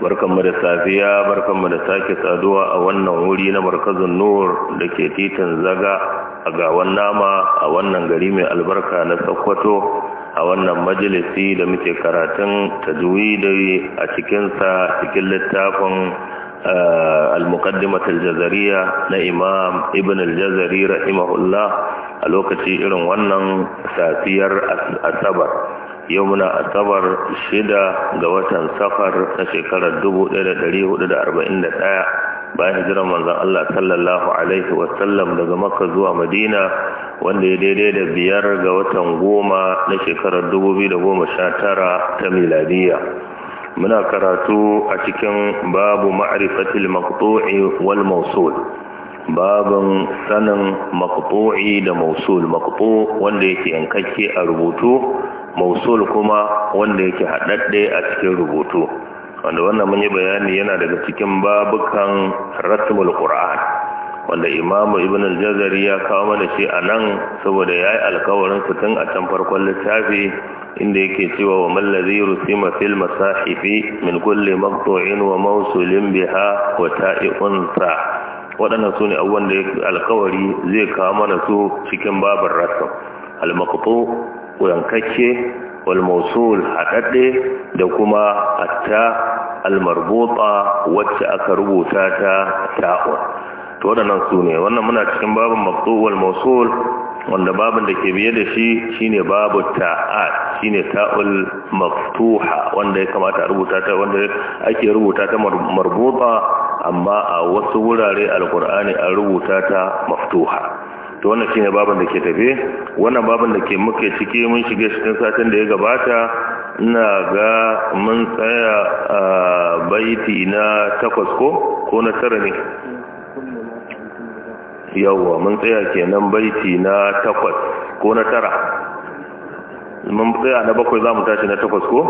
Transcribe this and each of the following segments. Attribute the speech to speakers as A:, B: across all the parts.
A: barkanmu da safiya barkanmu da sake saduwa a wannan wuri na markazin nur da ke titin zaga a gawan nama a wannan gari mai albarka na sokoto a wannan majalisi da muke karatun tajwidai a cikinsa cikin littafin eh, al-muqaddimat al-jazariya na imam ibn al-jazari rahimahullah a lokaci irin wannan safiyar asabar yau muna asabar shida ga watan safar na shekarar 1441 bayan hijirar manzon Allah sallallahu alaihi sallam daga makka zuwa madina wanda ya daidai da biyar ga watan goma na shekarar 2019 ta miladiya muna karatu a cikin babu ma'rifatil maqtu'i wal mawsul babin sanin maqtu'i da mawsul maqtu' wanda yake yankakke a rubutu mausul kuma wanda yake haɗaɗɗe a cikin rubutu wanda wannan mun yi bayani yana daga cikin babukan ratmul qur'an wanda imamu ibn al-jazari ya kawo mana shi a nan saboda ya yi alkawarin su tun a can farkon littafi inda yake cewa wa mallazi rusima fil masahifi min kulli maqtu'in wa mawsulin biha wa ta'iqun sa waɗannan su ne abubuwan da alkawari zai kawo mana su cikin babin rasul al-maqtu yankacce wal mausul haɗaɗɗe da kuma atta almarbuta wacce aka rubuta ta ta'un to waɗannan su ne wannan muna cikin babin maqtu wal wanda babin da ke biye da shi shine babu ta'at shine ta'ul maftuha wanda ya kamata a rubuta ta wanda ake rubuta ta marbuta amma a wasu wurare Alkur'ani an rubuta ta maftuha to wannan shine baban da ke tafe wannan baban da ke muke ciki mun shige cikin satin da ya gabata ina ga mun tsaya a baiti na takwas ko ko na tara ne yawwa mun tsaya kenan baiti na takwas ko na tara mun tsaya na bakwai za mu tashi na takwas ko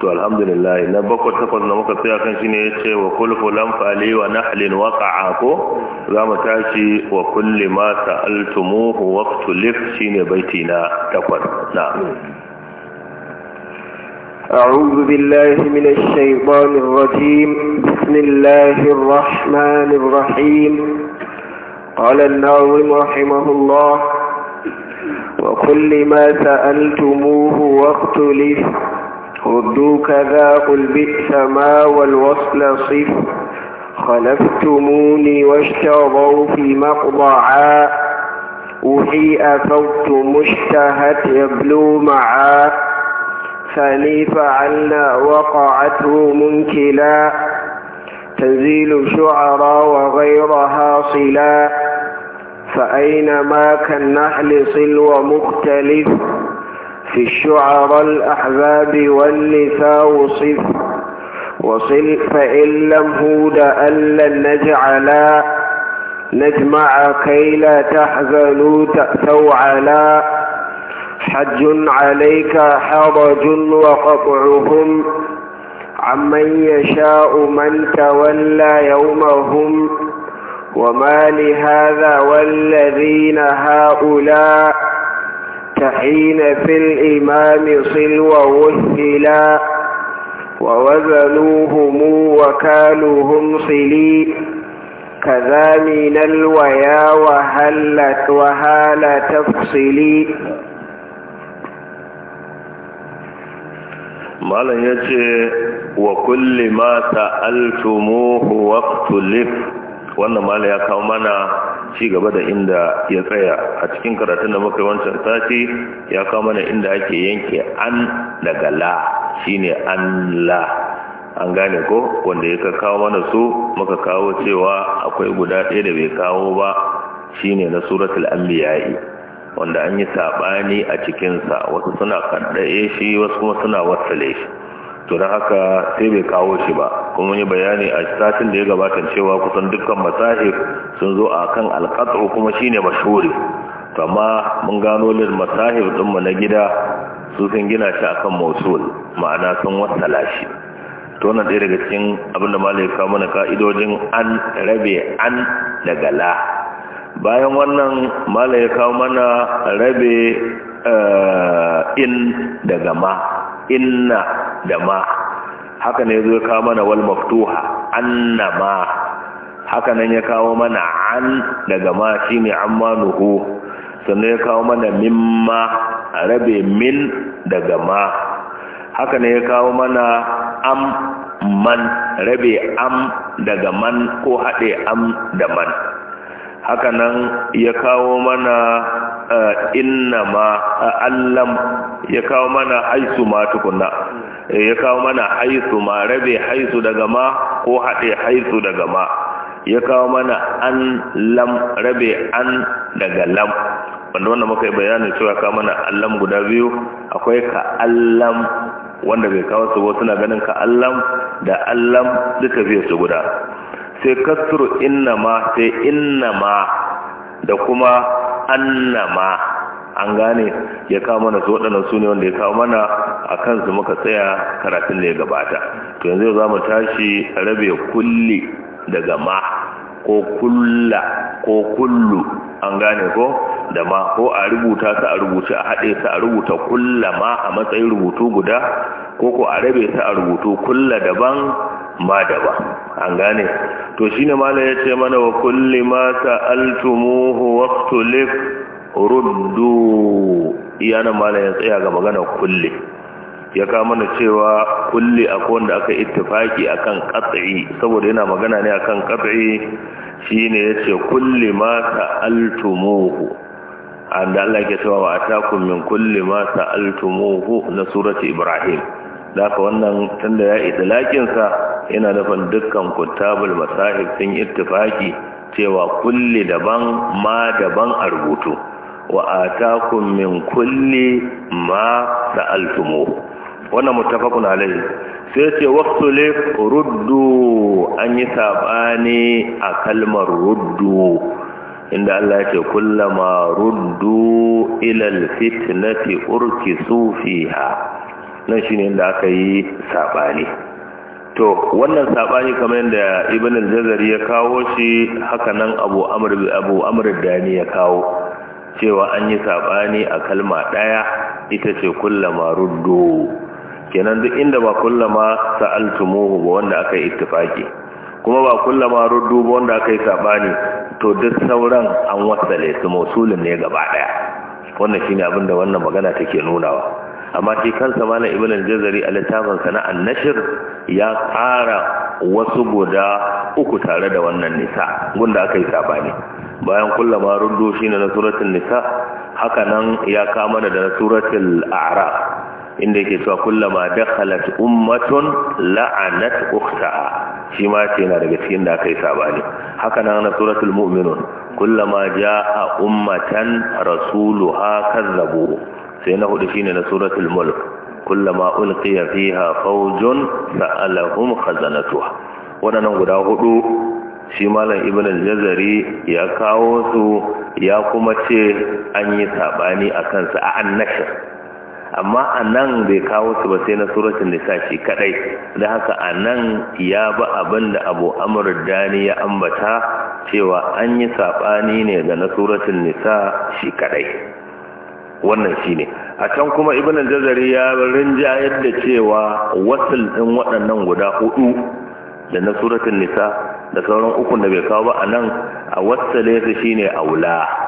A: to alhamdulillah na bakwai takwas na muka tsaya kan shine ya ce wa kulfu lamfali wa nahlin waqa'a ko za mu tashi wa kulli ma sa'altumuhu waqtulif shine baiti na takwas na
B: أعوذ بالله من الشيطان الرجيم بسم الله الرحمن الرحيم قال الناظم رحمه الله وكل ما سألتموه واقتله ردوا كذا قل بئس ما والوصل صف خلفتموني واشتروا في مقضعا وحي أفوت مشتهت يبلو معا ثاني فعلنا وقعته منكلا تنزيل شعرا وغيرها صلا فأينما كالنحل صل ومختلف في الشعر الأحباب والنساء وصف وصل فإن لم هود ألا نجعلا نجمع كي لا تحزنوا تأثوا على حج عليك حرج وقطعهم عمن يشاء من تولى يومهم وما لهذا والذين هؤلاء كحين في الإمام صل وهلا ووزنوهم وكانوا هم صلي كذا من الويا وهلت وهال تفصلي
A: مالا يجي وكل ما سألتموه واختلف wannan mala ya kawo mana ci gaba da inda ya tsaya a cikin karatun da muka wancan sati ya kawo mana inda ake yanke an daga la shine an la an gane ko wanda ya kawo mana su muka kawo cewa akwai guda ɗaya da bai kawo ba shine na suratul ambiyayi wanda an yi sabani a cikinsa wasu suna kaddaye shi wasu kuma suna wasale shi to da haka sai bai kawo shi ba kuma yi bayani a satin da ya gabata cewa kusan dukkan masahif sun zo a kan alƙatsu kuma shine mashuri to amma mun gano lil masahib mu na gida su sun gina shi a kan mosul ma'ana sun wasala shi to wannan ɗaya daga cikin abin da malai kawo mana ka'idojin an rabe an daga la bayan wannan malai ya kawo mana rabe eh, in daga ma inna da ma haka ne zo ya kawo mana wal maftuha anna ma haka nan ya kawo mana an daga ma shine amma nuhu sannan ya kawo mana mimma a rabe min daga ma haka ne ya kawo mana am man rabe am daga man ko haɗe am da man haka nan ya kawo mana inna ma allam ya kawo mana haisu ma tukunna eh, ya kawo mana haisu ma rabe haisu daga ma ko haɗe haisu daga ma ya kawo mana an lam rabe an daga lam wanda wanda muka yi bayanin cewa kawo mana allam guda biyu akwai ka allam wanda bai kawo su ba suna ganin ka allam da allam duka biyu su guda sai kasuru inna ma sai inna ma da kuma annama an gane ya kawo mana su waɗannan su ne wanda ya kawo mana a kansu muka tsaya karatun da ya gabata to yanzu za mu tashi rabe kulli daga ma ko kulla ko kullu an gane ko da ma ko a rubuta su a rubuce a haɗe su a rubuta kulla ma a matsayin rubutu guda ko ko a rabe su a rubutu kulla daban ma daban an gane to shine mala ya ce mana wa kulli ma sa'altumuhu waqtulif ruddu iyana mala ya tsaya ga magana kulli ya kawo mana cewa kulli akwai wanda aka ittifaki akan qat'i saboda yana magana ne akan qat'i shine yace kulli ma sa'altumuhu anda Allah yake cewa wa atakum min kulli ma sa'altumuhu na surati ibrahim daka wannan tunda ya idlakin sa yana nufin dukkan kutabul masahib sun ittifaki cewa kulli daban ma daban a rubutu wa atakum min kulli ma sa'altumuhu wannan mutafakun alayhi sai ce waqtu le ruddu an yi sabani a kalmar ruddu inda Allah ce kullama ruddu ila alfitnati urkisu fiha nan shine inda aka yi sabani to wannan saɓani kamar yadda ibn al-jazari ya kawo shi haka nan abu amr abu amr dani ya kawo cewa an yi sabani a kalma ɗaya, ita ce kullama ruddu kenan duk inda ba kullama sa'altumuhu ba wanda aka yi ittifaki kuma ba kullama ruddu ba wanda aka yi sabani to duk sauran an wasale su mausulin ne gaba daya wannan shine abin da wannan magana take nunawa amma shi kansa malam ibn al-jazari a littafin sa na an-nashr ya ƙara wasu guda uku tare da wannan nisa gunda aka yi sabani bayan kullama ruddu shine na suratul nisa haka nan ya kama da suratul a'raf inda yake cewa kullama dakhalat ummatun la'anat ukhtaha shi ma ce yana daga cikin da aka yi sabani haka nan na suratul mu'minun kullama jaa ummatan rasuluha kazzabu sai na hudu shine na suratul mulk kullama ulqiya fiha fawjun sa'alahum khazanatuha wadannan guda hudu shi malam ibnu al-jazari ya kawo su ya kuma ce an yi sabani akan sa a amma a nan bai kawo su ba sai na suratun nisa shi kadai da haka a nan ya ba abin da abu amur dani ya ambata cewa an yi saɓani ne ga na suratun nisa shi kadai wannan shi ne a can kuma ibn jazari ya rinjayar da cewa wasul ɗin waɗannan guda hudu da na suratun nisa da sauran ukun da bai kawo ba a nan a wasale su shine aula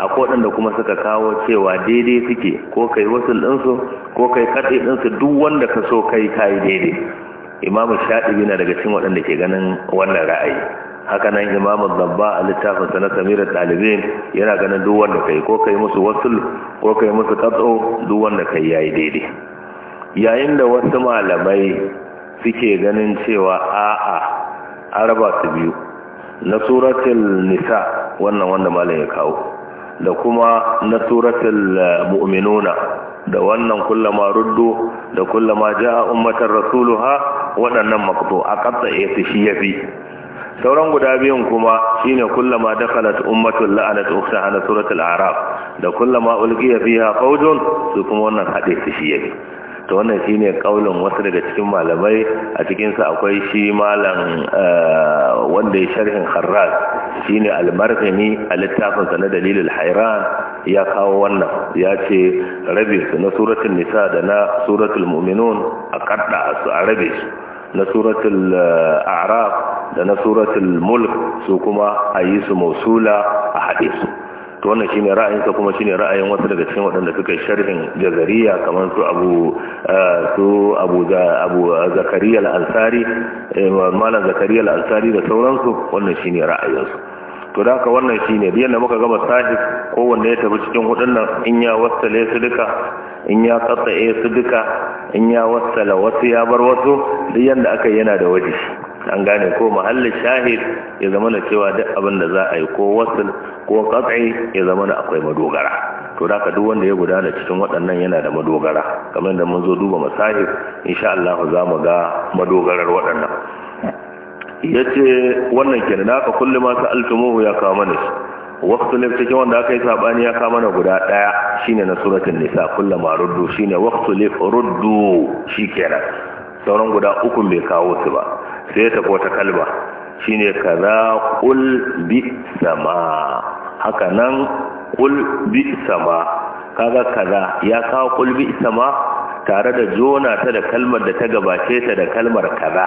A: a waɗanda kuma suka kawo cewa daidai suke ko kai wasu ɗinsu ko kai kaɗe ɗinsu duk wanda ka so kai kayi daidai imamu shaɗi na daga cikin waɗanda ke ganin wannan ra'ayi haka nan imamu zabba a littafinsa na samirar ɗalibai yana ganin duk wanda kai ko kai musu wasu ko kai musu katso duk wanda kai yayi daidai yayin da wasu malamai suke ganin cewa a'a araba su biyu na suratul nisa wannan wanda malam ya kawo da kuma na suratul mu'minuna da wannan kullama ruddu da kullama ja'a ummatar rasuluha waɗannan maqtu a qatsa yafi shi yafi sauran guda biyun kuma shine kullama dakhalat ummatul la'anat ukhtaha na suratul a'raf da kullama ulqiya fiha fawjun su kuma wannan hadisi shi yafi to wannan shine kaulin wasu daga cikin malamai a cikin sa akwai shi malam eh, wanda ya sharhin Harras shine al-Marghini a littafin sa na Dalilul Hayran ya kawo wannan ya ce rabi su na suratul Nisa da na suratul Mu'minun a kadda su a su na suratul eh, A'raf da na suratul Mulk su kuma a yi su mausula a haɗe to wannan shine ra'ayinsa kuma shine ra'ayin wasu daga cikin waɗanda suka sharhin jazariya kamar su abu eh, su abu abu zakariya al-ansari eh, malam zakariya al-ansari da sauransu wannan shine ra'ayinsu to da haka wannan shine da da muka gama sahib wanda ya tafi cikin hudun nan in ya wassale su duka in ya tsatsaye su duka in ya wassala wasu ya bar wasu duk yanda aka yana da waje an gane ko mahallin shahid ya zama na cewa duk abin da za a yi ko wasu ko katsai ya zama na akwai madogara to da ka duk wanda ya gudana cikin waɗannan yana da madogara kamar da mun zo duba masahib insha Allah za mu ga madogarar waɗannan ya ce wannan kenan da aka kulle masu altumuhu ya kawo mana shi waktu cikin wanda aka yi sabani ya kawo mana guda daya shine na suratul nisa kulle ma ruddu shine waktu lif ruddu shi kenan sauran guda uku mai kawo su ba sai ya tafi wata kalba shine kaza kul bi sama haka nan kul bi sama kaga kaza ya kawo kul bi sama tare da jona ta da kalmar da ta gabace ta da kalmar kaza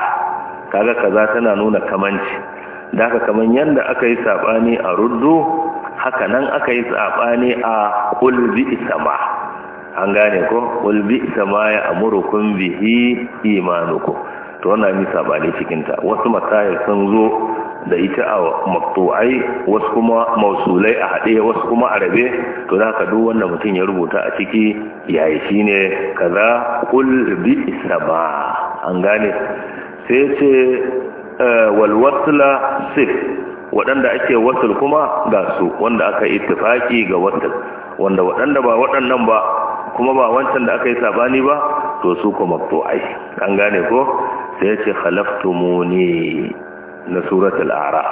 A: kaga kaza tana nuna kamanci da haka kaman yanda aka yi sabani a ruddu haka nan aka yi sabani a kulbi isama an gane ko kulbi isama ya amurukum bihi imanuku. to wannan ni sabani cikin ta wasu masail sun zo da ita a maktu'ai wasu kuma mausulai a haɗe wasu kuma a rabe to za ka duk wanda mutum ya rubuta a ciki yayi shine kaza kul bi isama an gane sai ce eh, walwasla sif waɗanda ake wasul kuma ga su wanda aka yi ittifaki ga wasul wanda waɗanda ba waɗannan ba kuma ba wancan da aka yi sabani ba to su kuma to ai an gane ko sai ce khalaftumuni na suratul a'raf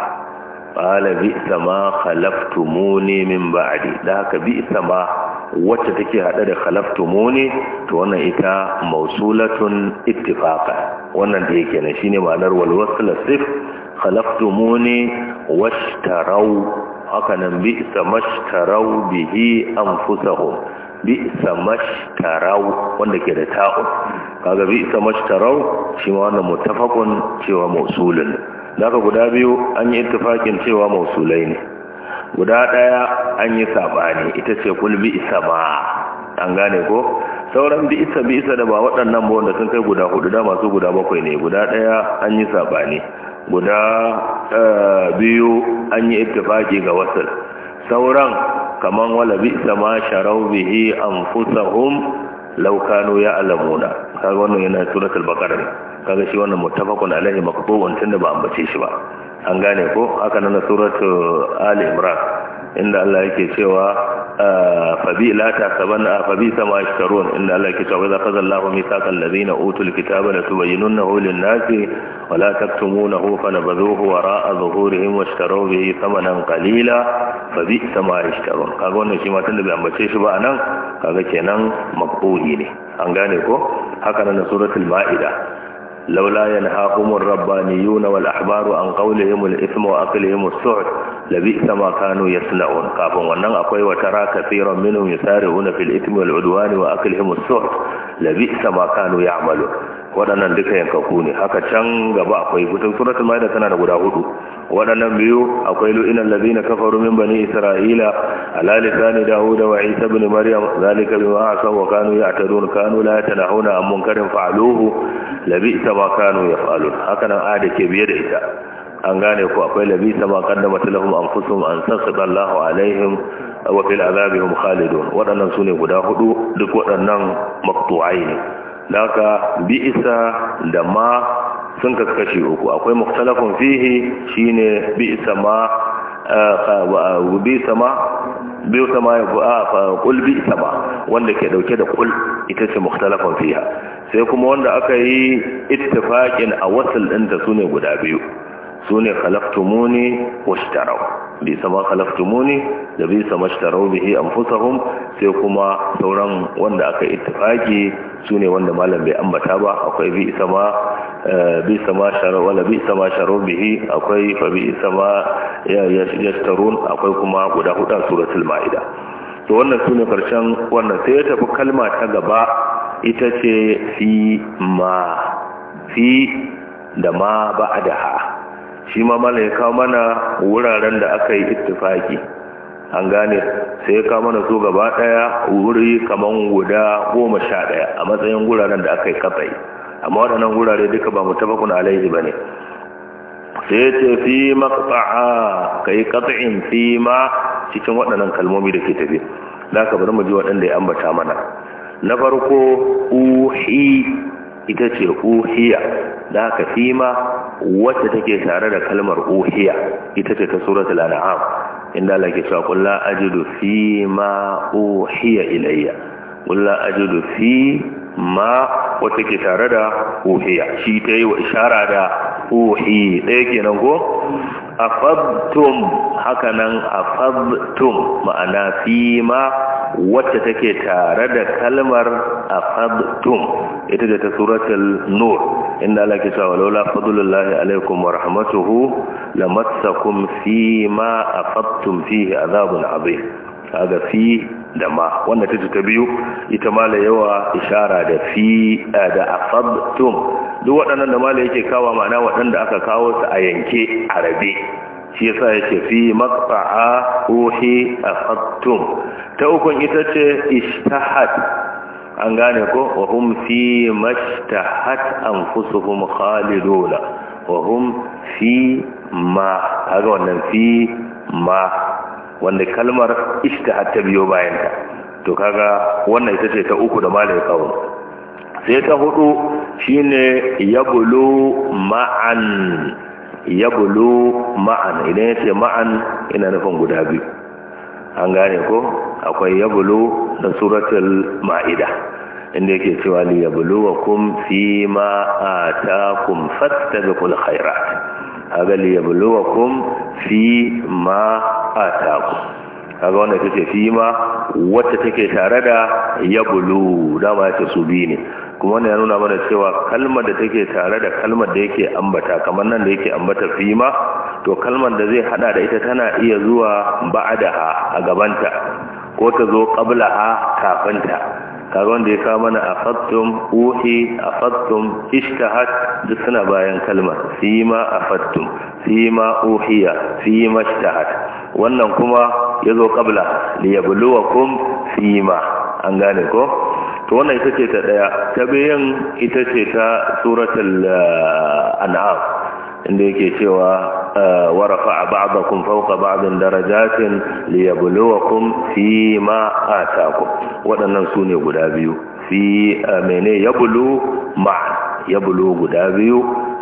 A: qala bi sama khalaftumuni min ba'di da haka bi sama. wacce take hada da khalaftumuni to wannan ita mausulatun ittifaqan wannan da yake nan shine ma'anar wal wasl sif khalaftumuni washtarau haka nan bi samashtarau bihi anfusahum bi samashtarau wanda ke da ta'u kaga bi samashtarau shi ma wannan mutafaqun cewa mausulun daga guda biyu an yi ittifaqin cewa mausulai ne guda ɗaya an yi saɓani ita ce kul bi isa ma an gane ko sauran bi isa bi isa da ba waɗannan ba wanda sun kai guda hudu da masu guda bakwai ne guda ɗaya an yi saɓani guda eh, biyu an yi ittifaki ga wasu sauran kamar wala bi isa ma sharau bihi hum laukano ya alamuna kaga wannan yana suratul baqara kaga shi wannan muttafaqun alaihi wancan da ba ambace shi ba an gane ko haka nuna suratu ali imran inda Allah yake cewa ah, fabi la tasabanna fabi sama ashkarun inda Allah yake cewa zaka zallahu mithaqal ladina utul kitaba la tubayyinunahu lin-nasi wa la taktumunahu fanabadhuhu wara'a dhuhurihim washtaru bihi thamanan qalila fabi sama ashkarun kaga wannan shi ma tunda bai ambace shi ba anan kaga kenan maqbuli ne an gane ko haka nan suratul maida لولا ينهاهم الربانيون والأحبار عن قولهم الإثم وأقلهم السعد لبئس ما كانوا يصنعون قافوا ونن أقوي وترى كثيرا منهم يسارعون في الإثم والعدوان وأقلهم السعد لبئس ما كانوا يعملون waɗannan duka yankaku ne haka can gaba akwai gutun suratul maida tana da guda hudu waɗannan biyu akwai lu'inal ladina kafaru min bani isra'ila ala lisani dauda wa isa ibn maryam zalika bima asaw wa kanu ya'tadun kanu la yatanahuna an munkarin fa'aluhu labisa ma kanu yaf'alun haka nan a da ke biye da ita an gane ku akwai labisa ma qaddamat lahum anfusuhum an sasata Allahu alaihim wa fil azabihim khalidun waɗannan sune guda hudu duk waɗannan maqtu'ai ne laka bi'isa da ma sun kaskashi uku akwai muktalafin fihi shine bi'isa ma bi'isa ma biyu sama kul bi ita wanda ke dauke da kul ita ce mukhtalafan fiha sai kuma wanda aka yi ittifaqin a wasal din da sune guda biyu sune khalaqtumuni washtaraw bi sama khalaftumuni da bi sama shtarau bihi anfusahum sai kuma sauran wanda aka ittifaki sune wanda malam bai ambata ba akwai bi sama eh, bi sama sharu wala bi sama sharu bihi akwai fa bi sama yashtarun akwai kuma guda huda suratul maida to wannan sune karshen wannan sai ya tafi kalma ta gaba ita ce fi ma fi da ma ba'daha shi ma mala ya kawo mana wuraren da aka yi ittifaki an gane sai ya kawo mana so gaba daya wuri kaman guda goma sha daya a matsayin wuraren da aka yi kafai amma waɗannan wurare duka ba mu tabakun alaihi ba ne sai ce fi maqta'a kai qat'in fi ma cikin waɗannan kalmomi da ke tafi da ka bari mu ji waɗanda ya ambata mana na farko uhi ita ce uhiya da haka fima wacce take tare da kalmar uhiya ita ce ta suratul an'am inda Allah ke cewa qul la ajidu ma uhiya ilayya qul la ajidu fi ma wacce ke tare da uhiya shi ta yi wa ishara da uhi ɗaya kenan ko afabtum hakanan afabtum ma'ana fima wacce take tare da kalmar afabtum ita da ta suratul nur inda Allah ke laula fadlullahi alaikum wa rahmatuhu lamassakum fima afabtum fihi azabun azim kaga fi da ma wanda ta ta biyu ita ma la yawa ishara da fi eh, da afabtum duk waɗannan da mala yake kawo ma'ana waɗanda aka kawo su a yanke a rabe shi yasa yake fi maqta'a ruhi ta ukun ita ce ishtahat an gane ko wa hum fi mashtahat anfusuhum khaliduna wa hum fi ma kaga wannan fi ma wanda kalmar ishtahat ta biyo bayan ta to kaga wannan ita ce ta uku da malai kawo sai ta hudu shine yabulu ma'an yabulu ma'an idan yace ma'an ina nufin guda biyu an gane ko akwai yabulu na suratul ma'ida inda yake cewa li kum fi ma atakum fastabiqul khairat kaga li kum fi ma atakum kaga wannan take fi ma wacce take tare da yabulu dama ce su bi ne kuma wannan ya nuna mana cewa kalmar da take tare da kalmar da yake ambata kamar nan da yake ambata fima to kalmar da zai hada da ita tana iya zuwa ba'adaha a gabanta ko ta zo qablaha kafinta kaga wanda ya kawo mana afattum uhi afattum ishtahat duk suna bayan kalmar fima afattum fima uhiya fima ishtahat wannan kuma ya zo qabla liyabluwakum fima an gane ko to wannan ita ce ta daya ta biyan ita ce ta suratul eh, an'am inda yake cewa ورفع بعضكم فوق بعض درجات ليبلوكم فيما آتاكم waɗannan su ne guda biyu fi eh, mene ya ma ya guda biyu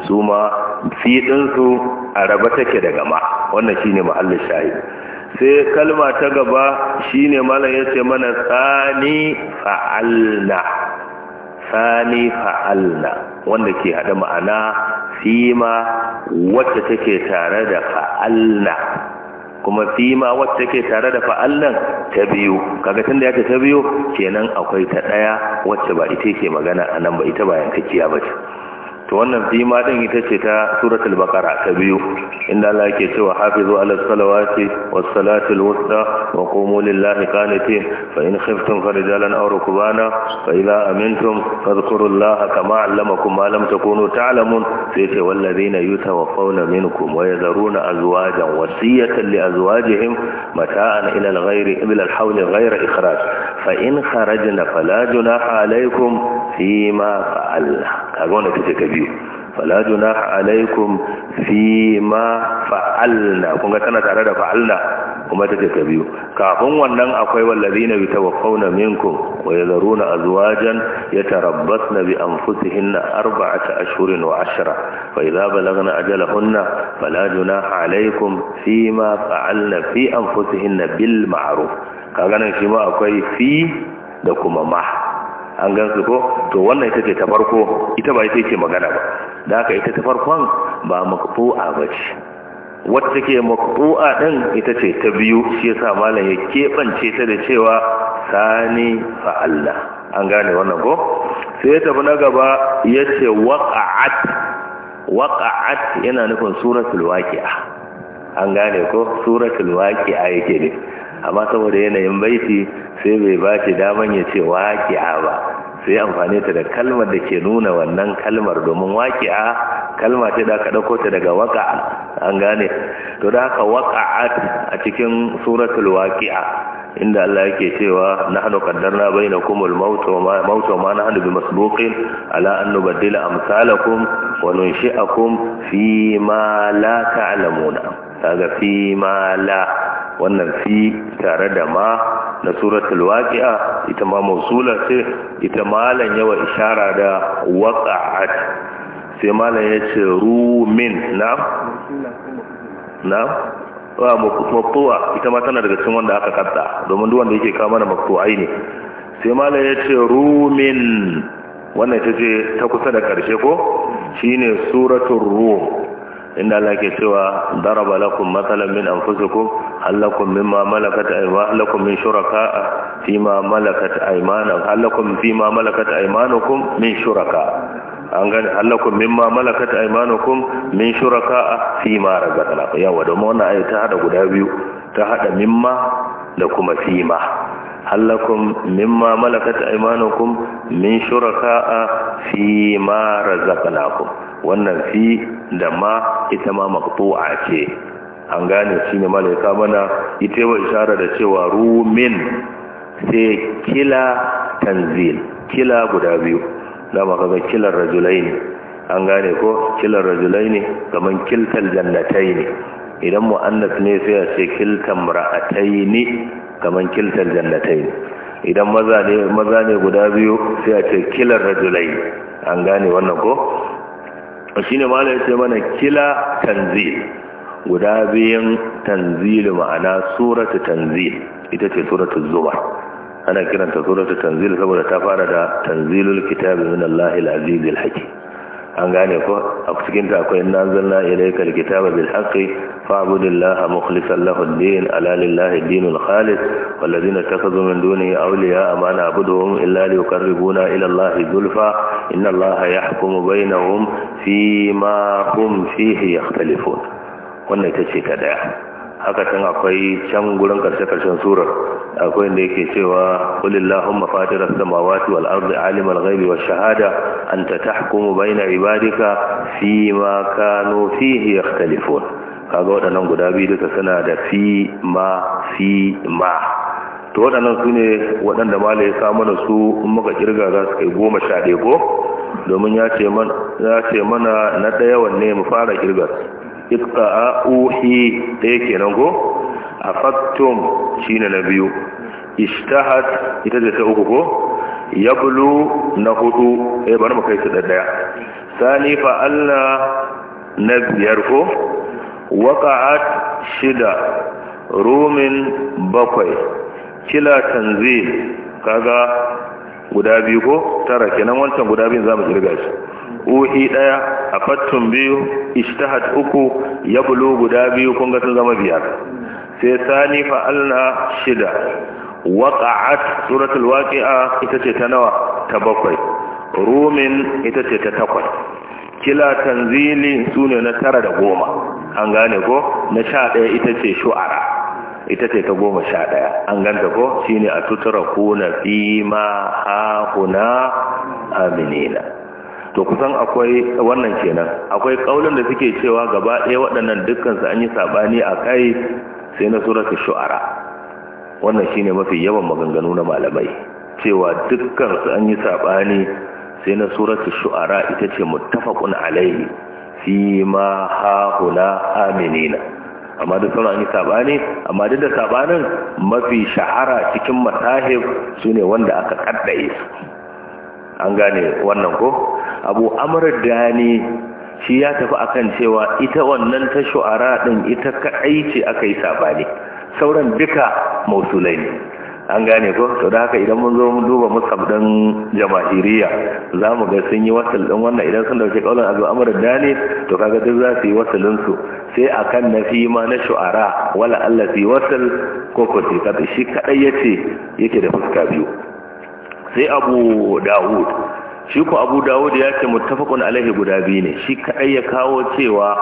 A: su ma fi ɗinsu a raba take daga ma wannan shine muhallin shahid sai kalma ta gaba shine malam ya ce mana tsani fa'alna tsani fa'alna wanda ke haɗa ma'ana fima wacce take tare da fa'alna kuma fima wacce take tare da fa'allan ta biyu kaga tunda yake ta biyu kenan akwai ta ɗaya, wacce ba ita ke magana nan ba ita ba yankakiya ce. to wannan ma din ita ce ta suratul baqara ta biyu inda Allah yake cewa hafizu ala salawati was salati al wusta wa qumu lillahi qanitin fa in khiftum farijalan aw rukbana fa idza amintum fadhkurullaha kama allamakum ma lam takunu ta'lamun sai ce wallazina yutawaffawna minkum wa yazaruna azwajan wasiyatan li azwajihim mata'an ila al ghairi ila al hawli ghayra ikhraj fa in kharajna fala junaha alaykum fima fa'alna kaga wannan take kabi biyu fala junaha alaikum fi ma fa'alna kun ga tana tare da fa'alna kuma ta ta biyu kafin wannan akwai wallazina yatawaffawna minkum wa yadharuna azwajan yatarabbasna bi anfusihinna arba'ata ashhurin wa ashra fa idza balagna ajalahunna fala junaha alaikum fi ma fa'alna fi anfusihinna bil ma'ruf kaga nan shi ma akwai fi da kuma ma an gansu ko to wannan ita ce ta farko ita ba ita ce magana ba da haka ita ta farkon ba ba ce wata take maqbu'a din ita ce ta biyu shi yasa malam ya kebance ta da cewa sani fa Allah an gane wannan ko sai ya tafi na gaba ya ce waqa'at waqa'at yana nufin suratul waqi'a an gane ko suratul waqi'a yake ne amma saboda yanayin baiti sai bai ba shi daman ya ce waƙi'a ba sai amfani ta da kalmar da ke nuna wannan kalmar domin waƙi'a kalma ce da aka ɗauko ta daga waƙa'a an gane to da haka waƙa'a a cikin suratul waƙi'a inda Allah yake cewa nahnu qaddarna na bai na maut wa ma nahnu bimasbuqin ala an nubaddila amsalakum wa nunshi'akum fi ma la ta'lamuna kaga fi ma la wannan fi tare da ma na suratul waqi'a ita ma mausula ce ita malan yawa ishara da waqa'at sai malan ce rumin na na wa maqtu'a ita ma tana daga cikin wanda aka kadda domin duk wanda yake kawo mana maqtu'ai ne sai malan ce rumin wannan ita ce ta kusa da karshe ko shine suratul rum inda Allah ke cewa daraba lakum mathalan min anfusikum hal lakum mimma malakat aymanukum lakum min shuraka fi ma malakat aymanukum hal lakum fi ma malakat aymanukum min shuraka an gane hal lakum mimma malakat aymanukum min shuraka fi ma razaqna yawa da wannan ayi ta hada guda biyu ta hada mimma da kuma fi ma hal lakum mimma malakat aymanukum min shuraka fi ma razaqnakum wannan fi da ma ita ma maqtu'a ce an gane shine malaika mana ita wa isharar da cewa rumin sai kila tanzil kila guda biyu da ma kaga kilar rajulaini an gane ko kilar rajulaini kaman kiltal jannataini idan mu'annas ne sai a ce kiltan ra'ataini kaman kiltal jannataini idan maza ne maza ne guda biyu sai a ce kilar rajulaini an gane wannan ko shine ya yace mana kila tanzil guda biyan tanzil ma'ana suratu tanzil ita ce suratu zumar ana kiranta suratu tanzil saboda ta fara da tanzilul kitabi min Allahil azizil hakim an gane ko a cikin ta akwai nazalna ilayka alkitaba bil haqqi fa'budillaha mukhlishan lahu ad-din ala lillahi ad-dinul khalis wal ladina takhadhu min dunihi awliya ma na'buduhum illa liyuqarribuna ila Allahi zulfa inna Allaha yahkumu bainahum fi ma hum fihi yakhtalifun wannan ita ce ta daya haka can akwai can gurin karshe karshen surar akwai inda yake cewa qul illahumma fatir as-samawati wal ardi alim al-ghaibi wash shahada anta tahkumu bayna ibadika fi ma kanu fihi yakhtalifun kaga waɗannan guda biyu duka suna da fi ma fi ma to waɗannan su ne waɗanda mala ya samu da su in muka kirga za su kai goma sha ɗaya ko domin ya ce mana na ɗaya wanne mu fara kirgar ikka a uhi ɗaya kenan go a faktum shi ne na biyu ishtahat ita ce ta uku ko yablu na hudu ya eh, bari mu kai su da ɗaya sani fa'alla na biyar ko waka'at shida rumin bakwai kila tanzil kaga guda biyu ko tara kenan wancan guda biyun zamu girga shi uhi daya afattun biyu ishtahat uku ya bulu guda biyu kun ga zama biyar sai sani fa'alna shida waqa'at suratul waƙia ita ce ta nawa ta bakwai rumin ita ce ta takwas kila tanzili sune na tara da goma an gane ko na sha ɗaya ita ce shu'ara ita ce ta goma sha ɗaya an ganta ko shi ne a tutura kuna fi ma haƙuna aminina to kusan akwai wannan kenan akwai ƙaunin da suke cewa gaba ɗaya waɗannan dukkansu an yi saɓani a kai sai na suratu shu'ara wannan shi ne mafi yawan maganganu na malamai cewa dukkansu an yi saɓani sai na suratu shu'ara ita ce mutafakun alaihi fi ma haƙuna aminina amma duk sauran yi sabani amma duk da sabanin mafi shahara cikin masahib ne wanda aka kaddaye su an gane wannan ko abu amr dani shi ya tafi akan cewa ita wannan ta shu'ara din ita kaɗai ce aka yi sabani sauran duka mausulai ne an gane ko to da haka idan mun zo mu duba musabdan jama'iriya za mu ga sun yi wasal din wannan idan sun dauke kaulan azu amr dani to kaga duk za su yi wasalin su sai akan fi ma na shu'ara wala allazi wasal ko ko shi kadai yace yake da fuska biyu sai abu dawud shi ko abu dawud ya ce muttafaqun alaihi guda biyu ne shi kadai ya kawo cewa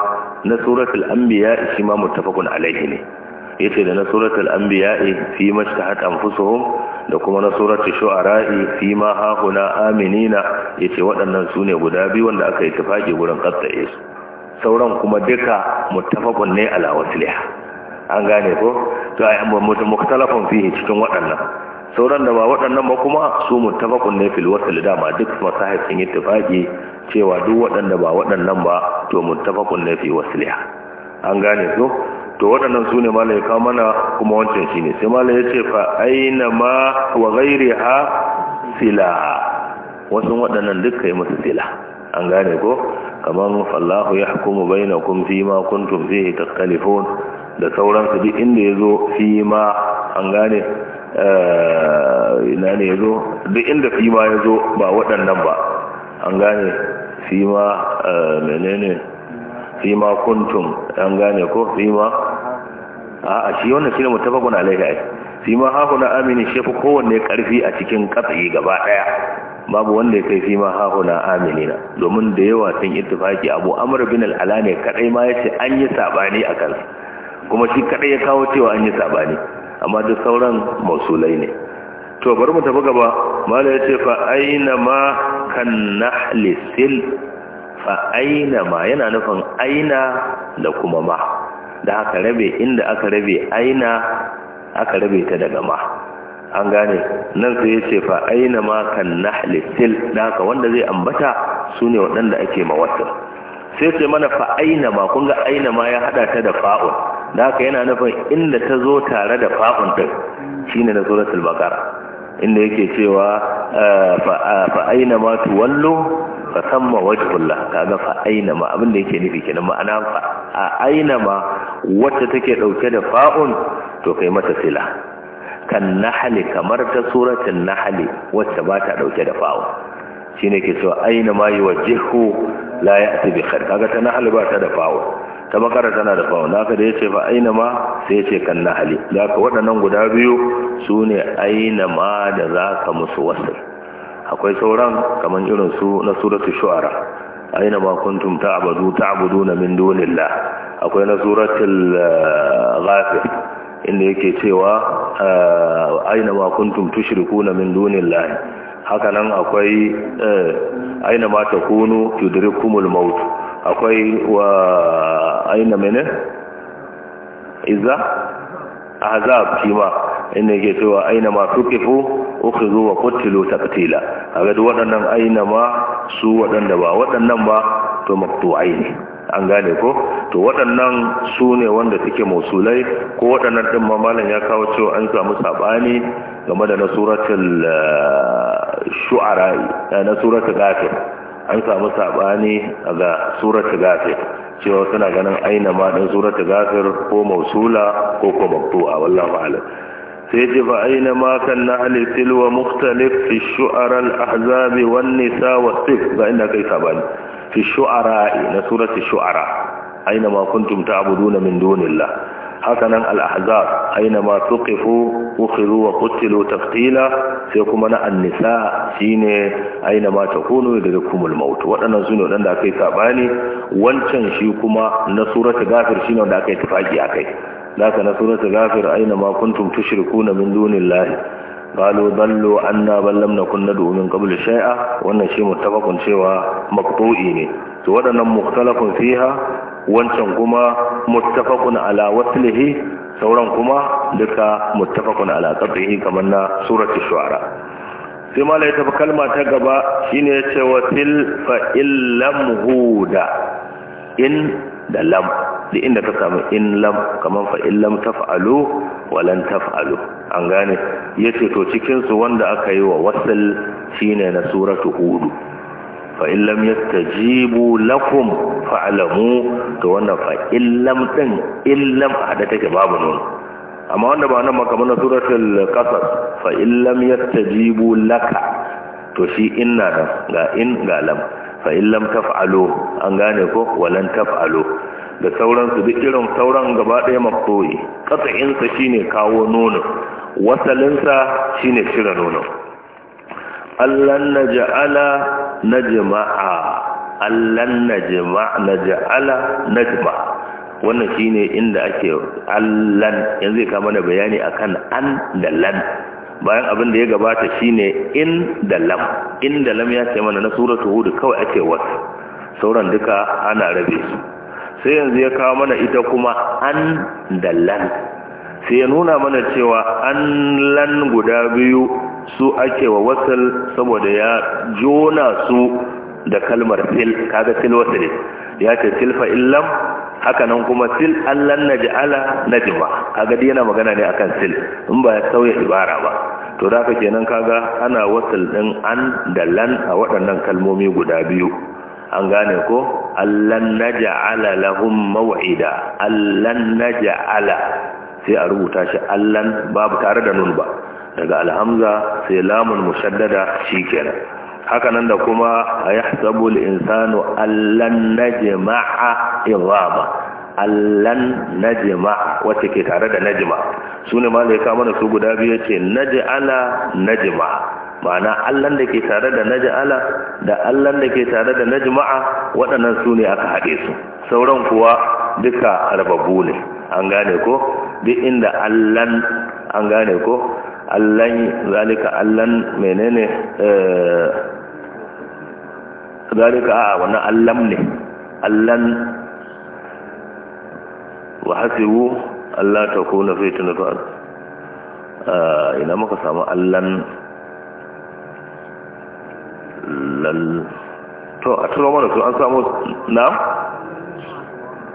A: na suratul anbiya shi ma muttafaqun alaihi ne yace da na suratul anbiya'i fi mashtahat anfusuhum da kuma na suratul shu'ara'i fi ma hahuna aminina yace waɗannan sune guda biyu wanda aka yi tafaki gurin qattaye su sauran kuma duka muttafaqun ne ala wasliha an gane ko to ai mukhtalafun fihi cikin waɗannan sauran da ba waɗannan ba kuma su muttafaqun ne fil wasl dama duk masahib sun yi tafaki cewa duk waɗanda ba waɗannan ba to muttafaqun ne fi wasliha an gane ko to waɗannan su ne malai kawo mana kuma wancan shi ne sai malai ya ce fa aina ma wa gairi ha sila wasu waɗannan duk kai musu sila an gane ko kamar fallahu ya hukumu bai na kun fi ma kuntum ta kalifon da sauransu duk inda ya zo fi ma an gane eh, ina ne ya zo duk inda fi ma ya zo ba waɗannan ba an gane fi ma eh, menene fi ma kuntum an gane ko fi ma a shi wannan shi ne mutafakun alaihi ai fi ma hahuna amini shi ko kowanne karfi a cikin katsayi gaba daya babu wanda ya kai fi ma hahuna amini na domin da yawa sun ittifaki abu amr bin al-ala kadai ma yace an yi sabani a kansa kuma shi kadai ya kawo cewa an yi sabani amma duk sauran mausulai ne to bari mu tafi gaba mala yace fa aina ma kan nahli Fa aina ma yana nufin aina da kuma ma da aka rabe inda aka rabe aina aka rabe ta daga ma an gane nan sai ya ce fa aina ma kan nahli sil da haka wanda zai ambata su ne waɗanda ake mawatin sai ce mana fa aina ma kun ga aina ma ya hada ta da fa'un da haka yana nufin inda ta zo tare da fa'un din shine na suratul baqara inda yake cewa eh, fa aina ma tuwallu fa samma wajhullah kaga fa aina ma abin da yake nufi kenan ma'ana a aina ma wacce take ɗauke da fa'un to kai mata sila kan nahali kamar ta suratul nahali wacce ba ta dauke da fa'un shine ke cewa aina ma yuwajjihu la ya'ti bi khair kaga ta nahali ba ta da fa'un ta bakara tana da fawon da da ya ce fa aina ma sai ya ce kan na hali da ka waɗannan guda biyu su ne aina ma da za ka musu wasu akwai sauran kamar irin su na suratu shu'ara aina ma kuntum ta'budu ta'buduna min dunillah akwai na suratul eh, ghafir inda yake cewa eh, aina ma kuntum tushrikuna min dunillah haka nan akwai eh, aina ma takunu tudrikumul maut akwai wa aina mene iza azab kima inda yake cewa aina ma tuqifu zo wa qutilu taqtila kaga duk waɗannan aina ma su waɗanda ba waɗannan ba to maqtu'ai ne an gane ko to waɗannan su ne wanda suke musulai. ko waɗannan ɗin mamalan ya kawo cewa an samu saɓani game da na suratul eh, shu'ara eh, na suratul ghafir an samu saɓani ga surat gafir cewa suna ganin aina ma dan surat gafir ko mausula ko ko maqtu'a wallahu a'lam sai ce fa aina ma kan nahl tilwa mukhtalif fi shu'ara al ahzab wan nisa wa sif ga inda kai saɓani fi shu'ara na surat shu'ara aina ma kuntum ta'buduna min dunillah hakanan al-ahzab ma tuqifu ukhiru wa qutilu taqtila sai kuma na annisa an-nisa shine ma takunu daga kumul maut waɗannan sune waɗanda yi saɓani, wancan shi kuma na suratul shi ne wanda aka yi akai tafaki akai laka na suratul ghafir ma kuntum tushrikuna min dunin dunillahi قالوا ضلوا عنا بل لم نكن ندعو من قبل شيئا wannan shi muttafaqun cewa maqtu'i ne to wadannan mukhtalafun fiha wancan kuma muttafaqun ala waslihi sauran kuma duka muttafaqun ala qadrihi kamar na suratu shu'ara sai ma ya tafi kalma ta gaba shine ya ce wa til fa illam huda in da lam da inda ka samu in lam kamar fa illam taf'alu wa lan taf'alu an gane yace to cikin su wanda aka yi wa wasal shine na suratu hudu fa in lam jibu lakum fa'lamu to wannan fa illam din illam hada take babu nun amma wanda ba nan makamanna suratul qasas fa in lam jibu laka to shi inna nan ga in ga lam fa in lam an gane ko walan ta taf'alu da sauransu duk irin sauran gaba ɗaya makoyi ƙasa'insa ne kawo nono wasalinsa ne cire nono allan na ja'ala na jama'a allan na jima’a na ja'ala na jima’a. wannan shine inda ake allan yanzu ya kama da bayani akan an da lan bayan abin da ya gabata shine in da lam in da lam ya ce mana na suratu hudu kawai ake wasu sauran duka ana rabe su sai yanzu ya kawo mana ita kuma an da lan sai ya nuna mana cewa an lan guda biyu su ake wa wasal saboda ya jona su da kalmar fil kaga til wasal ya ce til fa illam haka nan kuma til allan naj'ala najma kaga dai yana magana ne akan til in ba ya sauya ibara ba to da kenan kaga ana wasal din an da lan a waɗannan kalmomi guda biyu an gane ko allan naj'ala lahum maw'ida allan naj'ala sai a rubuta shi allan babu tare da nun ba daga alhamza sai lamun mushaddada kenan haka nan da kuma yahsabu al-insanu allan najma'a iraba allan najma wacce ke tare da najma sune ma zai kama da su guda biyu ce naj'ala najma ma'ana allan da ke tare da naj'ala da allan da ke tare da najma'a waɗannan sune aka haɗe su sauran kuwa duka rababu ne an gane ko duk inda allan an gane ko allan zalika allan menene eh, zalika a wannan allam ne allan wa hasibu allah ta kuna fitina eh ina muka samu allan lal to a turo mana to an samu na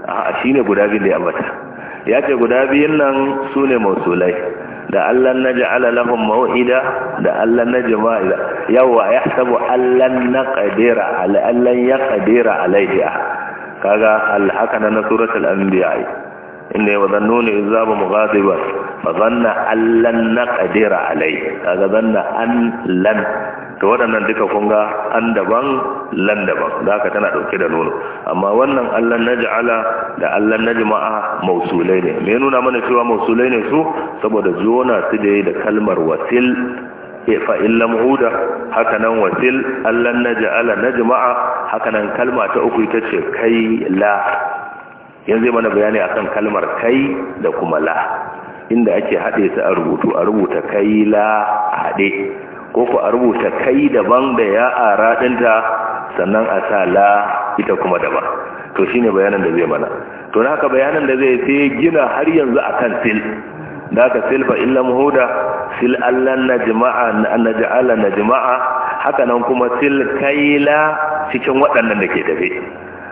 A: a shine guda biyu ne ya mata ya ce guda biyun nan su ne mausulai da allan naj'ala lahum mau'ida da allan najma yawa yahsabu allan naqdira ala allan yaqdira alayhi kaga alhaka na suratul yi inda wa mu izaba ba fa zanna allan naqdira alayhi kaga zanna an to waɗannan duka kun ga an daban lan daban da aka tana ɗauke da nono amma wannan allan naj'ala da allan jima'a mausulai ne me nuna mana cewa mausulai ne su saboda zuwa su da da kalmar wasil e, fa'il lamhuda haka nan wasil allan na najma'a haka nan kalma ta uku ita ce kai la yanzu mana bayani akan kalmar kai da kuma la inda ake haɗe su a rubutu a rubuta kai la haɗe ko ku a rubuta kai daban da ya ara ɗinta sannan a sa la ita kuma daban to shine bayanan da zai mana to haka bayanan da zai sai gina har yanzu akan sil da ka sil fa illa muhuda sil allan najma'a an naj'ala najma'a haka nan kuma sil kaila cikin waɗannan da ke tafe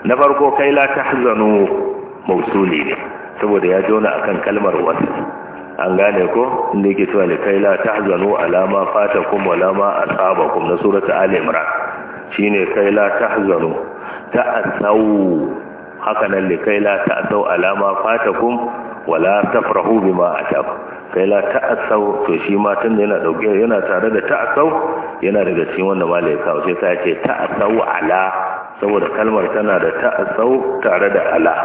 A: na farko kaila tahzanu mausuli ne saboda ya jona akan kalmar wasu an gane ko inda yake cewa kai la tahzanu ala ma fatakum wala ma asabakum na surata ali imran shine kai la tahzanu ta'asau haka nan kai la ta'asau ala ma fatakum wala tafrahu bima atab kai la ta'asau to shi ma tun yana dauke yana tare da ta'asau yana daga cikin wanda malai kawo sai ta ce ta'asau ala saboda kalmar tana da ta'asau tare da ala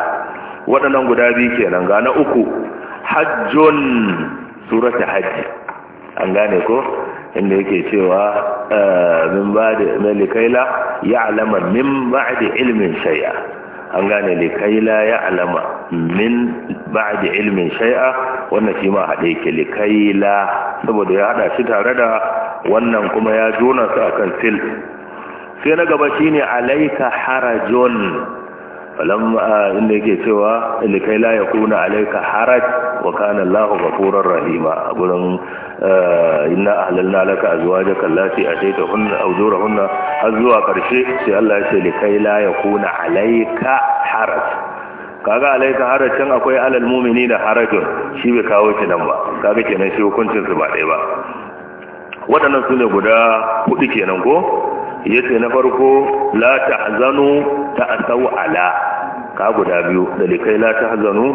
A: waɗannan guda biyu kenan ga na uku Hajjon surata hajji an gane ko inda yake cewa eh, min ba'da malikaila alama min ba'da ilmin shay'a an gane likaila alama min ba'da ilmin shay'a wannan shi ma hade ke likaila saboda ya hada shi tare da wannan kuma ya jona su kan til sai na gaba shine alayka harajun falamma inda yake cewa likai la yakuna alayka haraj wa kana Allahu ghafurur rahima gurin eh, inna ahlalna laka azwajaka allati ataytahunna awjurahunna har zuwa karshe sai Allah ya ce likai la yakuna alayka haraj kaga alayka harajin akwai alal da harajun shi bai kawo ki nan ba kaga kenan shi hukuncin su ba dai ba waɗannan su ne guda hudu kenan ko yace na farko la tahzanu asau ala ka guda biyu dalikai la tahzanu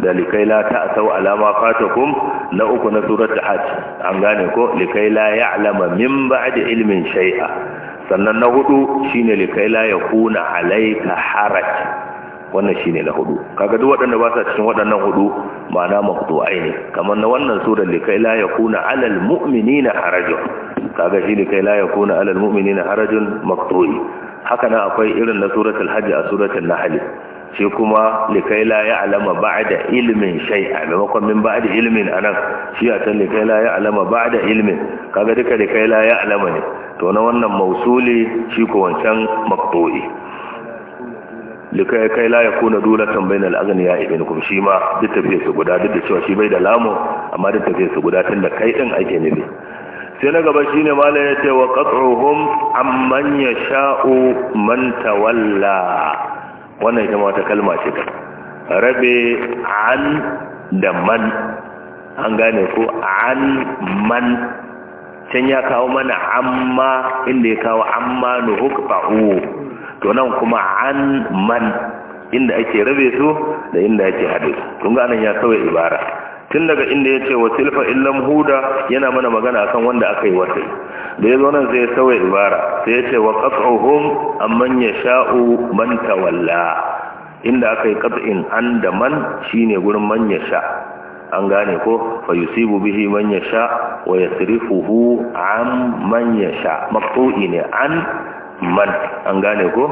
A: dalikai la asau ala ma fatakum na uku na surat hajj an gane ko likai la ya'lama min ba'di ilmin shay'a sannan na hudu shine likai la yakuna alayka haraj wannan shine na hudu kaga duk waɗanda ba sa cikin waɗannan hudu ma'ana maqtu'ai ne kamar na wannan sura likai la yakuna alal mu'minina harajun kaga shi likai la yakuna alal mu'minina harajun maqtu'i haka nan akwai irin na suratul hajj a suratul nahl shi kuma likai la ya'lama ba'da ilmin shay'a maimakon min ba'da ilmin anan shi a tan likai la ya'lama ba'da ilmin kaga duka likai la alama ne to na wannan mausuli shi ko wancan maqtu'i likai kai la yakuna dulatan bainal aghniya ibnkum shi ma duk tafiye su guda duk da cewa shi bai da lamu amma duk tafiye su guda tun da kai din ake nufi sai na gaba shine malai ya ce wa qat'uhum amman yasha'u man tawalla wannan ita wata kalma ce rabe an da man an gane ko an man can ya kawo mana amma inda ya kawo amma nuhuk fa'u to nan kuma an man inda ake rabe su da inda ake haɗe su kun ga nan ya sauya ibara tun daga inda ya wa tilfa illam huda yana mana magana akan wanda aka yi wasai da yazo nan sai ya sauya ibara sai yace ce wa qat'uhum amman yasha'u man tawalla inda aka yi qat'in an da man shine gurin man yasha an gane ko fa yusibu bihi man yasha wa yasrifuhu an man yasha maqtu'i ne an man an gane ko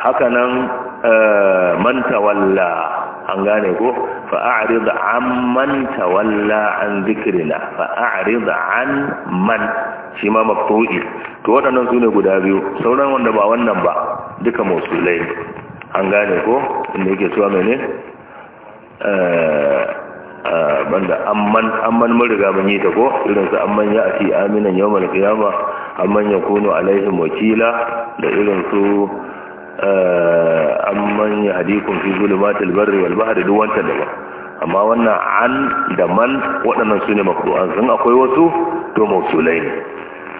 A: hakanan eh, man tawalla an gane ko fa'arid an man tawalla an zikrina fa'arid an man shi ma maftu'i to waɗannan su ne guda biyu sauran wanda ba wannan ba duka musulai an gane ko inda yake cewa mene eh, eh, banda amman amman mun riga mun yi ta ko irin su amman ya ati aminan yawmal qiyamah amman ya kunu alaihim wakila da irin su eh, amman ya hadikun fi zulumatul barri wal bahri duk wancan da ba amma wannan an da man waɗannan su ne makru'an sun akwai wasu to mausulai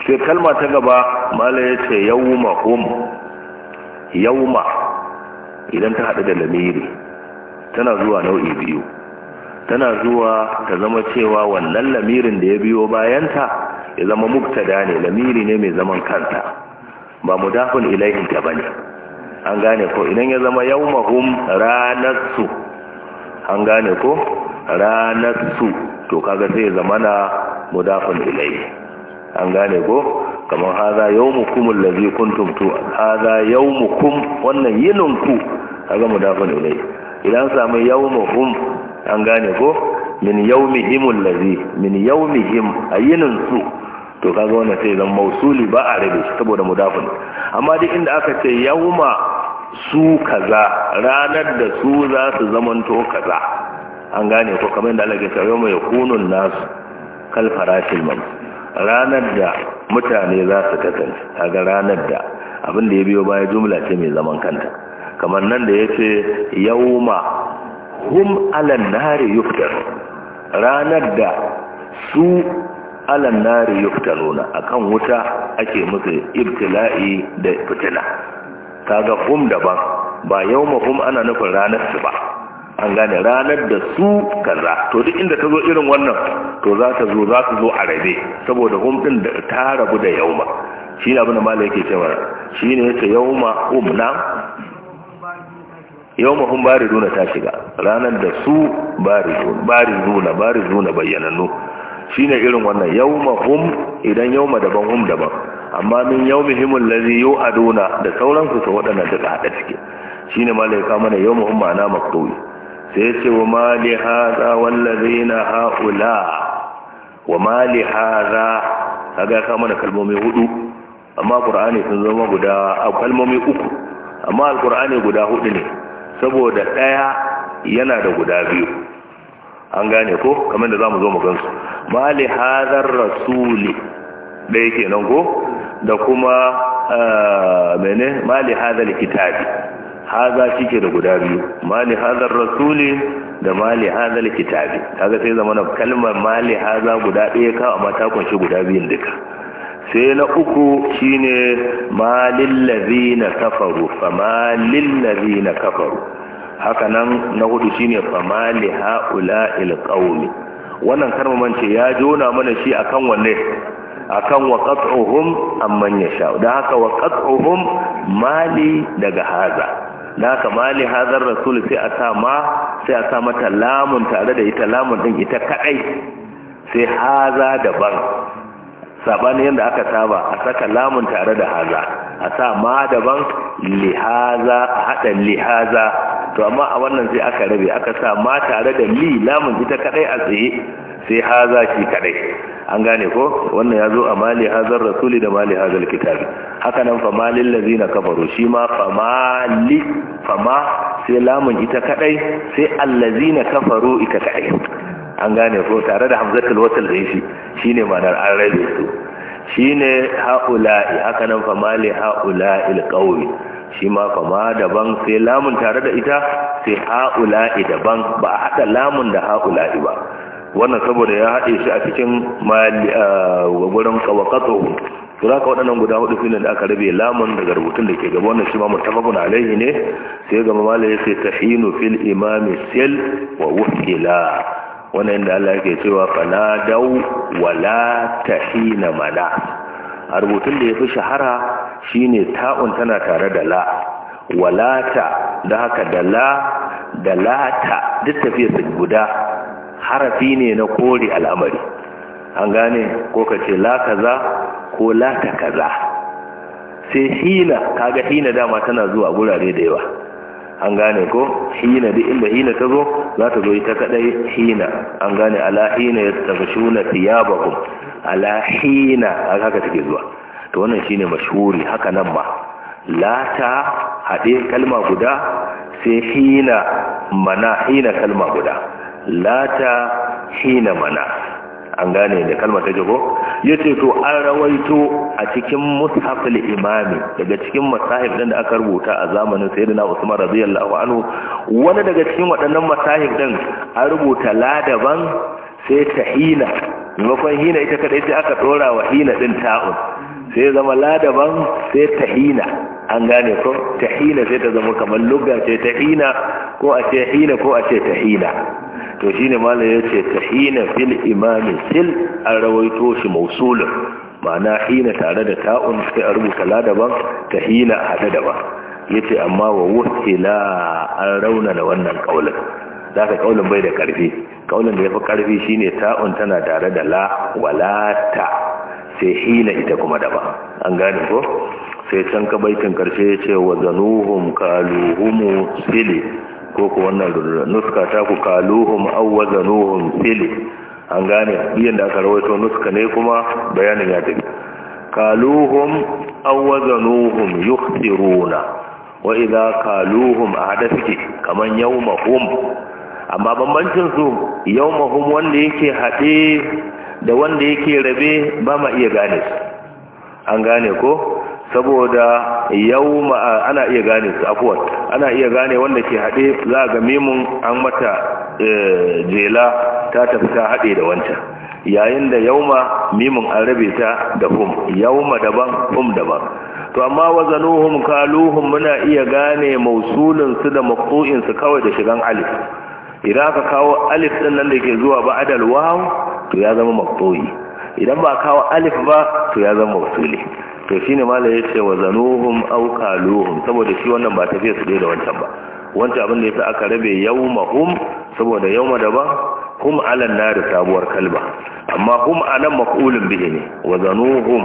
A: sai kalma ta gaba mala ya ce yawma hum yawma idan ta haɗu da lamiri tana zuwa nau'i biyu tana zuwa ta zama cewa wannan lamirin da ya biyo bayanta ya zama mubtada ne lamiri ne mai zaman kanta ba mudafun ilaihin ta bane an gane ko idan ya zama ranar ranatsu an gane ko ranatsu to kaga sai ya zama na mudafun ilaihi an gane ko kamar haza kumun allazi kuntum tu haza kum wannan yininku kaga mudafun ilaihi idan samu yaumahum an gane ko min yaumihim allazi min yaumihim ayinin su to kaga wannan sai zan mausuli ba a rabe shi saboda mudafin amma duk inda aka ce yauma su kaza ranar da su za su zamanto kaza an gane ko kamar da Allah ya ce yauma yakunun nasu kal farashil man ranar da mutane za su kasance kaga ranar da abin da ya biyo baya jumla ce mai zaman kanta kamar nan da yace yauma hum alannari yuftar ranar da su alan nari yuftaluna akan wuta ake musu ibtila'i da fitila kaga hum daban ba yawma hum ana nufin ranar su ba an gane ranar da su kaza to duk inda ta zo irin wannan to za ta zo za su zo a rabe saboda hum din da ta rabu da yawma shi ne abin da malai yake cewa shi ne yace yawma hum na yawma hum bari duna ta shiga ranar da su bari bariduna bari bariduna bayyanannu shine irin wannan yawma hum idan yawma daban hum daban amma min yawmihim allazi yu'aduna da sauran su wadannan duka hada cike shine malaika mana yawma hum ma'ana maktubi sai ya ce wa ma li hadha wallazina haula wa ma li hadha kaga ka mana kalmomi hudu amma qur'ani sun zama guda kalmomi uku amma alqur'ani guda hudu ne saboda daya yana da guda biyu an gane ko kamar da zamu zo mu gansu mali hadar rasuli ɗaya kenan ko da kuma eh, mene mali hadar kitabi haza kike da guda biyu mali hadar rasuli da mali hadar kitabi kaga sai zama na kalmar mali haza guda ɗaya ka amma ta kunshi guda biyun duka sai na uku shine malil ladina kafaru fa malil ladina kafaru haka nan na hudu shine famali haula il wannan karmaman ce ya jona mana shi akan wanne akan wa qat'uhum amman yasha dan haka wa mali daga haza dan haka mali hazar rasul sai a sa ma sai a sa mata lamun tare da ita lamun din ita kadai sai haza daban sabanin yadda aka saba a saka lamun tare da haza a sa ma daban lihaza a haɗa lihaza to amma a wannan sai aka rabe aka sa ma tare da li lamun ita kadai a tsaye sai haza shi kadai an gane ko wannan ya zo a mali hazar rasuli da mali hazar kitabi haka nan fa malin lazina kafaru shi ma fama li fama sai lamun ita kadai sai allazi allazina kafaru ita kadai an gane ko tare da hamzatul wasl da shi shine ma'anar an rabe su shine haula'i haka nan fa mali haula'il qaumi shi ma fama daban sai lamun tare da ita sai ha'ula'i daban ba a haɗa lamun da ha'ula'i ba wannan saboda ya haɗe shi a cikin wurin kawakatsohu su za ka waɗannan guda hudu filin da aka rabe lamun daga rubutun da ke gaba wannan shi ma mutafakun alaihi ne sai ga mamala ya ta tahinu fil imami sel wa wukila wannan inda Allah yake cewa fala dau wala tahina mana a rubutun da ya fi shahara shine ta'un tana tare da la walata da haka da la da lata duk su guda harafi ne na kori al'amari an gane ko ka ce la kaza ko lata kaza sai hina kaga hina dama tana zuwa gurare da yawa an gane ko hina duk inda hina ta zo za ta zo ita kadai hina an gane ala hina ya tafi shuna ala hina haka take zuwa to wannan shine mashhuri haka nan ma lata haɗe kalma guda sai hina mana hina kalma guda lata hina mana an gane da kalma ta jago ya ce to an rawaito a cikin mushafil imami daga cikin masahib ɗin da aka rubuta a zamanin sayyidina usman radiyallahu anhu wani daga cikin waɗannan masahib ɗin an rubuta la daban sai ta hina maimakon hina ita kadai sai aka dora wa hina din ta'un sai zama ladaban sai ta hina an gane ko ta hina sai ta zama kamar lugga ce ta hina ko a ce hina ko a ce ta hina to shine mala ya ce ta hina fil imamin sil an rawaito shi mausulun ma'ana hina tare da ta'un sai a rubuta ladaban ta hina a hada daban yace amma wa wuhila an raunana wannan kaulin za ka kaulin bai da karfi kaulin da ya fi karfi shine ta'un tana tare da la walata ta sai hila ita kuma daban an gane ko sai can ka baitin karshe ya ce wa zanuhun kaluhumu fili ko ku wannan nuska ta ku kaluhum au wa zanuhum fili an gane biyan da aka rawaito nuska ne kuma bayanin ya tafi kaluhum aw wa zanuhum yukhsiruna wa idza kaluhum ahada suke kaman hum amma bambancin su mahum wanda yake haɗe da wanda yake rabe ba ma iya gane su an gane ko saboda yau ana iya gane su afuwar ana iya gane wanda ke haɗe za ga mimun an mata e, jela ta tafi ta haɗe da wancan yayin da yauma mimun an rabe ta da hum ma daban hum daban to amma wazanuhum kaluhum muna iya gane mausulin su da maqtu'in su kawai da shigan alif idan aka kawo alif ɗin nan da ke zuwa ba adal wawu to ya zama maktoyi idan ba kawo alif ba to ya zama maqtuli to shine ya ce wa zanuhun saboda shi wannan ba tafiya su da wancan ba wancan abin da ya sa aka rabe mahum saboda ma daban hum alan da sabuwar kalba amma hum a nan maqulun bihi ne wa zanuhun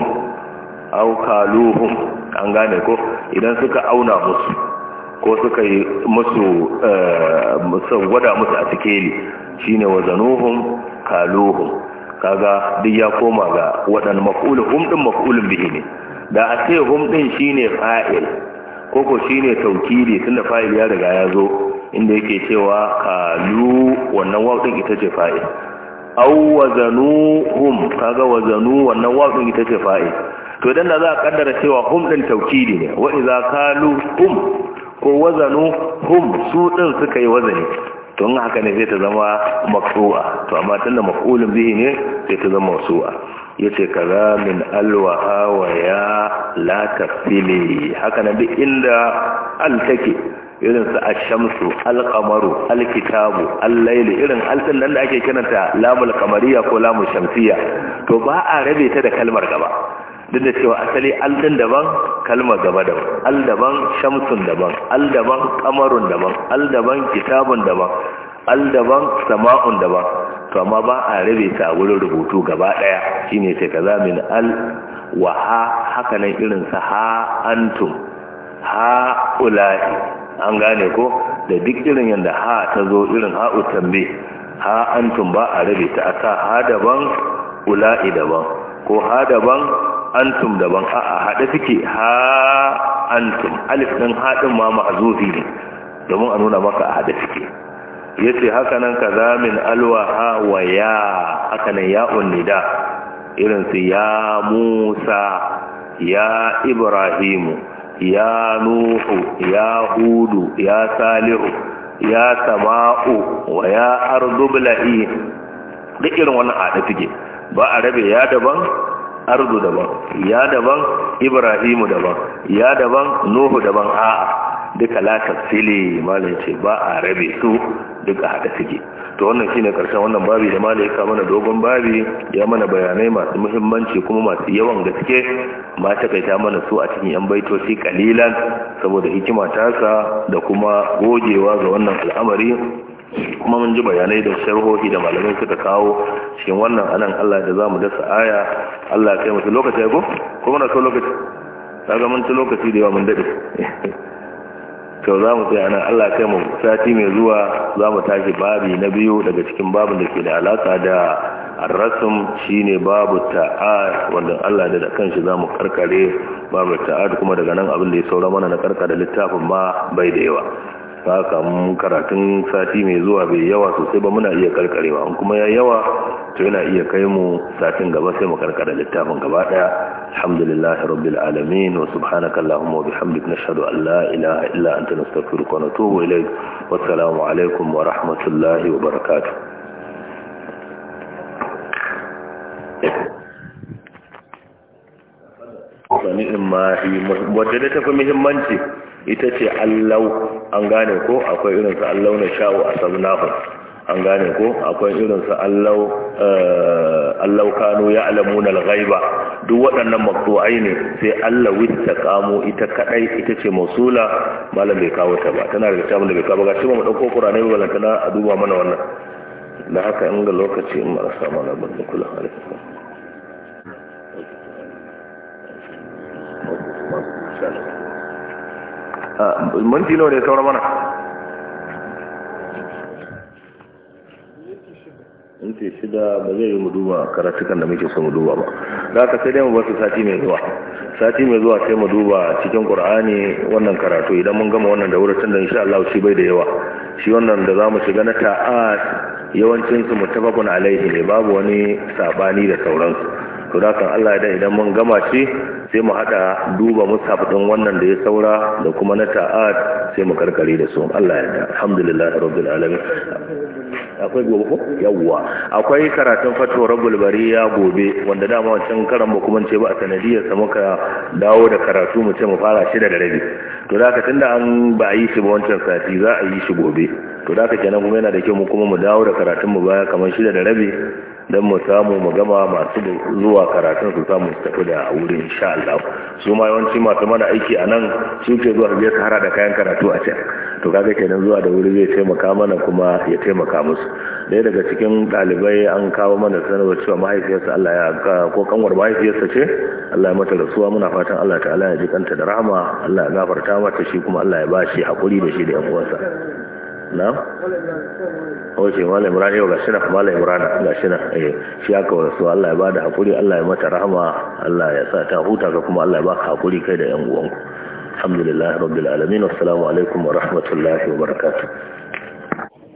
A: an gane ko idan suka auna musu ko suka yi musu eh, musan gwada musu a sikeli shine wazanuhum kaluhum kaga duk ya koma ga waɗannan maf'ul hum din maf'ulun bihi ne da a ce hum din shine fa'il ko ko shine tun tunda fa'il ya riga ya zo inda yake cewa kalu wannan waw din ita ce fa'il aw wazanuhum kaga wazanu wannan waw din ita ce fa'il to idan da za a kaddara cewa hum din taukidi ne wa idza kalu hum ko wazanu hum su din suka yi wazani to in haka ne zai ta zama maksu'a to amma tunda maf'ulun bihi ne sai ta zama masu'a yace kaza min alwaha wa ya la haka na bi inda al take irin su ashamsu alkamaru alkitabu al-layli irin altin nan da ake kiranta lamul qamariya ko lamul shamsiya to ba a rabe ta da kalmar gaba duk da cewa asali aldan daban kalma gaba daban aldaban shamsun daban aldaban kamarun daban aldaban kitabun daban aldaban sama'un daban to amma ba a rabe ta wurin rubutu gaba daya shine sai kaza min al wa ha haka nan irin sa ha antum ha ulai an gane ko da duk irin yanda ha ta zo irin ha utambe ha antum ba a rabe ta aka ha daban ula'i daban ko ha daban antum daban a'a haɗe suke ha antum alif ɗin haɗin ma ma'azufi ne domin a nuna maka a haɗe suke ya ce haka nan ka zamin alwa ha wa ya haka nan ya unnida irin su ya musa ya ibrahimu ya nuhu ya hudu ya salihu ya sama'u wa ya arzubla'i duk irin wannan haɗe suke ba a rabe ya daban ardu daban ya daban ibrahimu daban ya daban nuhu daban a'a duka la tafsili malai ce ba a rabe su duka hada suke to wannan shine karshen wannan babi da malai ka mana dogon babi ya mana bayanai masu muhimmanci kuma masu yawan gaske ma ta kai ta mana su a cikin yan baitoci kalilan saboda hikima sa da kuma gogewa ga wannan al'amari kuma mun ji bayanai da sharhohi da malamai suka kawo cikin wannan anan Allah da zamu dasa aya Allah ya kai mu lokaci ko kuma na so lokaci daga mun ci lokaci da yawa mun dade to za mu tsaya Allah Allah kai mu sati mai zuwa za mu tashi babi na biyu daga cikin babin da ke da alaka da ar-rasm shine babu ta'ad wanda Allah da kanshi za mu karkare babu ta'ad kuma daga nan abin da ya saura mana na karkare littafin ma bai da yawa ba kamun karatun sati mai zuwa bai yawa sosai ba muna iya karkarewa in kuma ya yawa to yana iya kai mu satin gaba sai mu karkara littafin gaba daya alhamdulillah rabbil alamin wa subhanaka allahumma wa bihamdika nashhadu an la ilaha illa anta nastaghfiruka wa natubu ilayk wa assalamu alaikum wa rahmatullahi wa barakatuh sani wadda tafi muhimmanci ita ce allau an gane ko akwai irinsu allau na sha'u a sabnahu an gane ko akwai irinsu allau allau kanu ya alamuna al-ghaiba duk waɗannan maktuwai ne sai Allah ta kamo ita kadai ita ce masula malam bai kawo ta ba tana da ta malam bai kawo ba gashi ba mu dauko qur'ani ba lantana a duba mana wannan da haka in ga lokaci in marasa mana ban kula alaikum Thank you. minti nawa ne saura mana minti shida ba zai yi mu duba karatukan da muke so mu duba ba da ka sai dai mu basu sati mai zuwa sati mai zuwa sai mu duba cikin qur'ani wannan karatu idan mun gama wannan da tun da insha Allah shi bai da yawa shi wannan da zamu shiga na ta'at yawancin su mutabakun alaihi ne babu wani sabani da sauransu to da kan Allah idan idan mun gama shi sai mu hada duba mushaf din wannan da ya saura da kuma na ta'at sai mu karkare da su Allah ya da alhamdulillahi rabbil alamin akwai gobe ko yawa akwai karatun fatwa rabbul bariya gobe wanda dama wancan karan ba kuma ce ba a sanadiyar sa muka dawo da karatu mu ce mu fara shi da rabi to da ka tunda an ba yi shi ba wancan sati za a yi shi gobe to da ka kenan kuma yana da kyau mu kuma mu dawo da karatun mu baya kamar shi da rabi don mu samu mu gama masu zuwa karatun su samu su tafi da wurin insha Allah su ma yawanci masu mana aiki a nan su ke zuwa su je su hara da kayan karatu a can to kaga kenan zuwa da wuri zai taimaka mana kuma ya taimaka musu ɗaya daga cikin ɗalibai an kawo mana sanarwa cewa mahaifiyarsa Allah ya ko kanwar mahaifiyarsa ce Allah ya mata rasuwa muna fatan Allah ta'ala ya ji kanta da rahama Allah ya gafarta mata shi kuma Allah ya ba shi haƙuri da shi da 'yan uwansa na oke malam imran yau ga shina malam imran ga shina eh shi aka wasu Allah ya bada hakuri Allah ya mata rahama Allah ya sa ta huta ka kuma Allah ya baka hakuri kai da yan uwanku alhamdulillah rabbil alamin assalamu alaikum wa rahmatullahi wa barakatuh